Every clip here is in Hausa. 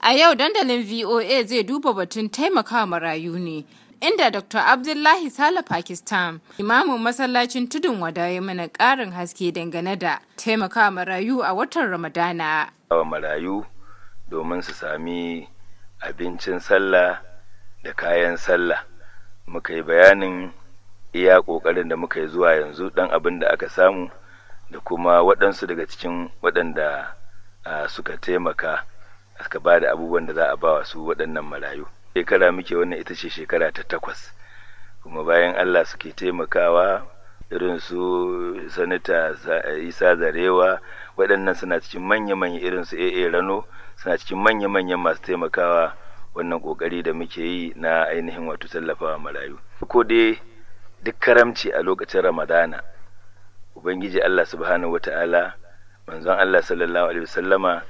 A yau dandalin VOA zai duba batun taimakawa marayu ne, inda Dr. Abdullahi Sale Pakistan, imamin masallacin tudun wada ya mana ƙarin haske dangane da taimakawa marayu a watan Ramadana. Wa marayu domin su sami abincin sallah da kayan sallah. Muka yi bayanin iya ƙoƙarin da muka yi zuwa yanzu ɗan abin da aka samu da kuma waɗansu daga cikin waɗanda ah, suka taimaka. aka ba da abubuwan da za a ba wa su waɗannan marayu shekara muke wannan ita ce shekara ta takwas kuma bayan allah suke taimakawa irin su sanata isa zarewa waɗannan suna cikin manya-manya irin su aa rano suna cikin manya manya masu taimakawa wannan ƙoƙari da muke yi na ainihin wato tallafawa marayu ko dai duk karamci a lokacin ramadana ubangiji allah subhanahu wata'ala manzon allah sallallahu alaihi wasallama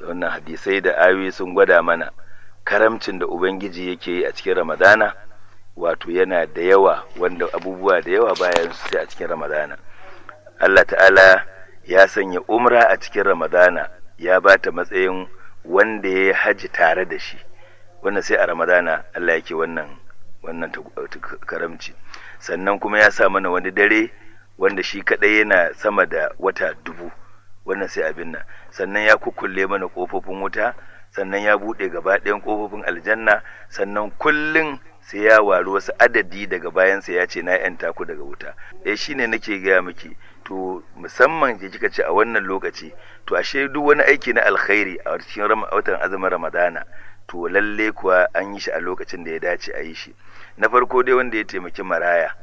wannan hadisai da ayoyi sun gwada mana karamcin da ubangiji yake yi a cikin ramadana wato yana da yawa wanda abubuwa da yawa bayan su sai a cikin ramadana allah ta'ala ya sanya umra a cikin ramadana ya ba ta matsayin wanda ya haji tare da shi wannan sai a ramadana allah yake wannan wannan karamci sannan kuma ya sa mana wani dare wanda shi kadai yana sama da wata dubu wannan sai abin nan sannan ya kukkulle mana kofofin wuta sannan ya buɗe gaba ɗayan kofofin aljanna sannan kullum sai ya wari wasu adadi daga bayansa ya ce na yanta ku daga wuta eh shine nake gaya miki to musamman ke kika ce a wannan lokaci to ashe duk wani aiki na alkhairi a cikin watan azumin ramadana to lalle kuwa an yi shi a lokacin da ya dace a yi shi na farko dai wanda ya taimaki maraya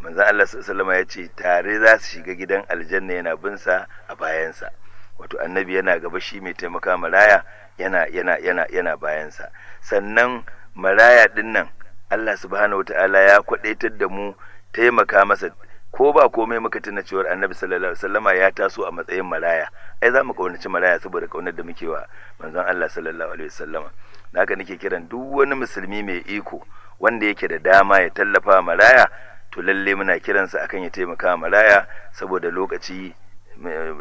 manzo Allah sallama ya ce tare za su shiga gidan aljanna yana sa a bayansa wato annabi yana gaba shi mai taimaka maraya yana yana yana yana bayansa sannan maraya din nan Allah subhanahu wataala ya kwadaitar da mu taimaka masa ko ba komai muka tuna cewar annabi sallallahu alaihi wasallama ya taso a matsayin maraya ai za mu kaunaci maraya saboda kaunar da muke wa manzon Allah sallallahu alaihi wasallama naka nake kiran duk wani musulmi mai iko wanda yake da dama ya tallafa maraya to lalle muna kiransa akan ya taimaka maraya saboda lokaci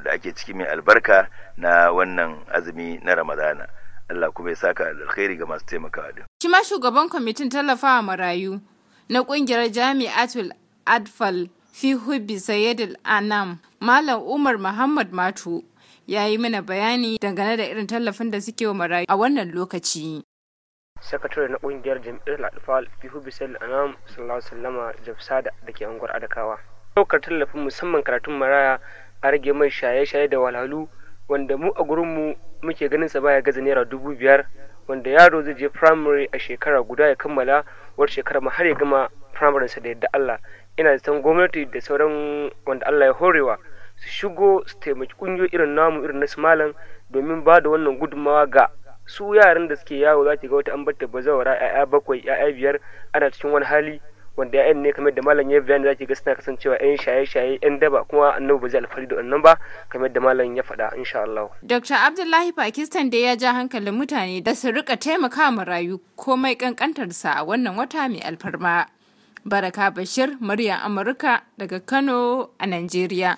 da ake ciki mai albarka na wannan azumi na ramadana Allah kuma ya saka alkhairi ga masu taimakawa din. Shi ma shugaban kwamitin tallafawa marayu na kungiyar Jami'atul Adfal fi hubbi Sayyidul Anam Malam Umar Muhammad Matu ya yi mana bayani dangane da irin tallafin da suke wa marayu a wannan lokaci. sakatare na kungiyar jam'iyyar ladifal fi hubisal anam sallallahu sallama jabsada da ke adakawa daukar tallafin musamman karatun maraya a rage mai shaye-shaye da walhalu wanda mu a gurinmu muke ganin sa baya gaza naira dubu biyar wanda yaro zai je primary a shekara guda ya kammala wata shekara ma har ya gama primary sa da yadda Allah ina da san gwamnati da sauran wanda Allah ya horewa su shigo su taimaki kungiyoyi irin namu irin na malam domin ba da wannan gudunmawa ga su yaran da suke yawo za ki ga wata an batta bazawara ya'ya bakwai ya'ya biyar ana cikin wani hali wanda ya'yan ne kamar da malam ya bayani za ki ga suna kasancewa yan shaye-shaye yan daba kuma annabi ba zai alfahari da wannan ba kamar da malam ya faɗa insha Allah. Dr. Abdullahi Pakistan da ya ja hankalin mutane da su rika taimaka marayu komai kankantarsa a wannan wata mai alfarma. Baraka Bashir, murya Amurka daga Kano a Najeriya.